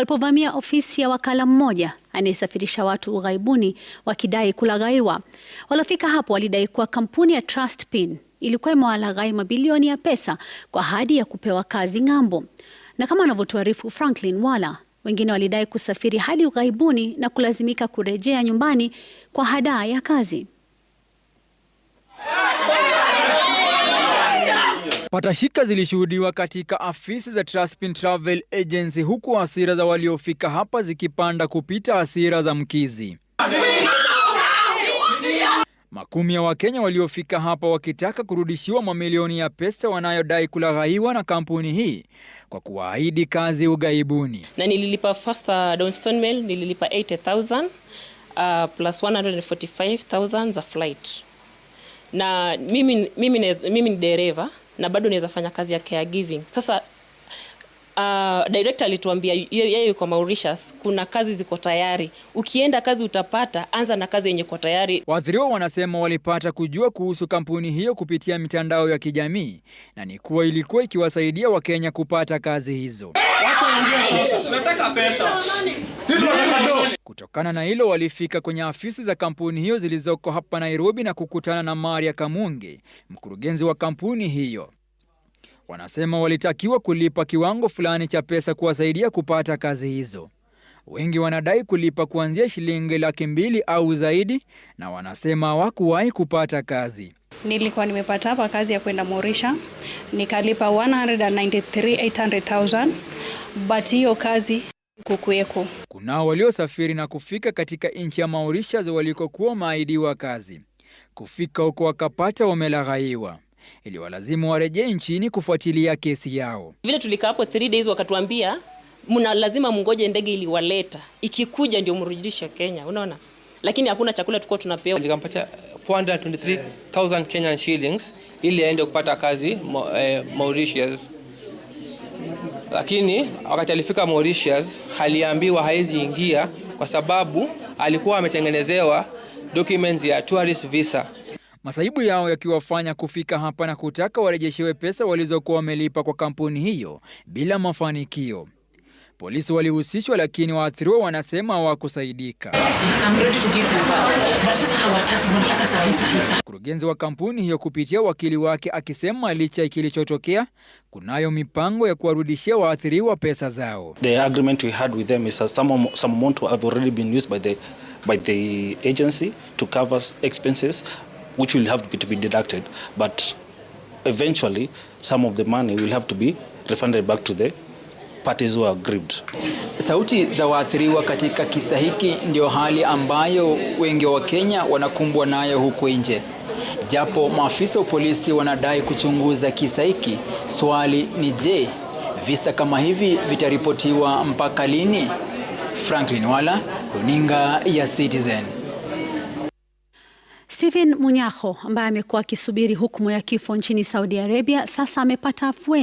walipovamia ofisi ya wakala mmoja anayesafirisha watu ughaibuni wakidai kulaghaiwa. Waliofika hapo walidai kuwa kampuni ya Trustpin ilikuwa imewalaghai mabilioni ya pesa kwa ahadi ya kupewa kazi ng'ambo. Na kama anavyotuarifu Franklin Wala, wengine walidai kusafiri hadi ughaibuni na kulazimika kurejea nyumbani kwa hadaa ya kazi. Patashika zilishuhudiwa katika afisi za Traspin Travel Agency, huku hasira za waliofika hapa zikipanda kupita hasira za mkizi. Makumi ya Wakenya waliofika hapa wakitaka kurudishiwa mamilioni ya pesa wanayodai kulaghaiwa na kampuni hii kwa kuwaahidi kazi ughaibuni. Na nililipa first uh, Downstone Mail nililipa 80000 uh, plus 145000 za flight. Na mimi, mimi, mimi ni dereva na bado naweza fanya kazi ya caregiving. Sasa Uh, director alituambia yeye yuko Mauritius, kuna kazi ziko tayari, ukienda kazi utapata, anza na kazi yenye kwa tayari. Waathiriwa wanasema walipata kujua kuhusu kampuni hiyo kupitia mitandao ya kijamii na ni kuwa ilikuwa ikiwasaidia Wakenya kupata kazi hizo. Kutokana na hilo walifika kwenye afisi za kampuni hiyo zilizoko hapa Nairobi na kukutana na Maria Kamungi, mkurugenzi wa kampuni hiyo. Wanasema walitakiwa kulipa kiwango fulani cha pesa kuwasaidia kupata kazi hizo. Wengi wanadai kulipa kuanzia shilingi laki mbili au zaidi, na wanasema hawakuwahi kupata kazi nilikuwa nimepata hapa kazi ya kwenda Morisha, nikalipa 193,800,000 but hiyo kazi kukueko. Kunao waliosafiri na kufika katika nchi ya Mauritius walikokuwa maahidiwa kazi, kufika huko wakapata wamelaghaiwa iliwalazimu warejee nchini kufuatilia kesi yao. Vile tulikaa hapo 3 days, wakatuambia mna lazima mngoje ndege iliwaleta, ikikuja ndio mrudishe Kenya. Unaona lakini hakuna chakula tulikuwa tunapewa. Nikampatia 423,000 Kenyan shillings ili aende kupata kazi eh, Mauritius, lakini wakati alifika Mauritius aliambiwa haizi ingia kwa sababu alikuwa ametengenezewa documents ya tourist visa. Masaibu yao yakiwafanya kufika hapa na kutaka warejeshewe pesa walizokuwa wamelipa kwa kampuni hiyo bila mafanikio. Polisi walihusishwa lakini waathiriwa wanasema hawakusaidika. Mkurugenzi wa kampuni hiyo kupitia wakili wake akisema licha ya kilichotokea, kunayo mipango ya kuwarudishia waathiriwa pesa zao. Eventually some of the money will have to be refunded back to the parties were aggrieved. Sauti za waathiriwa katika kisa hiki ndio hali ambayo wengi wa Kenya wanakumbwa nayo huko nje. Japo maafisa wa polisi wanadai kuchunguza kisa hiki, swali ni je, visa kama hivi vitaripotiwa mpaka lini? Franklin Wala, runinga ya Citizen. Stephen Munyaho ambaye amekuwa akisubiri hukumu ya kifo nchini Saudi Arabia sasa amepata afueni.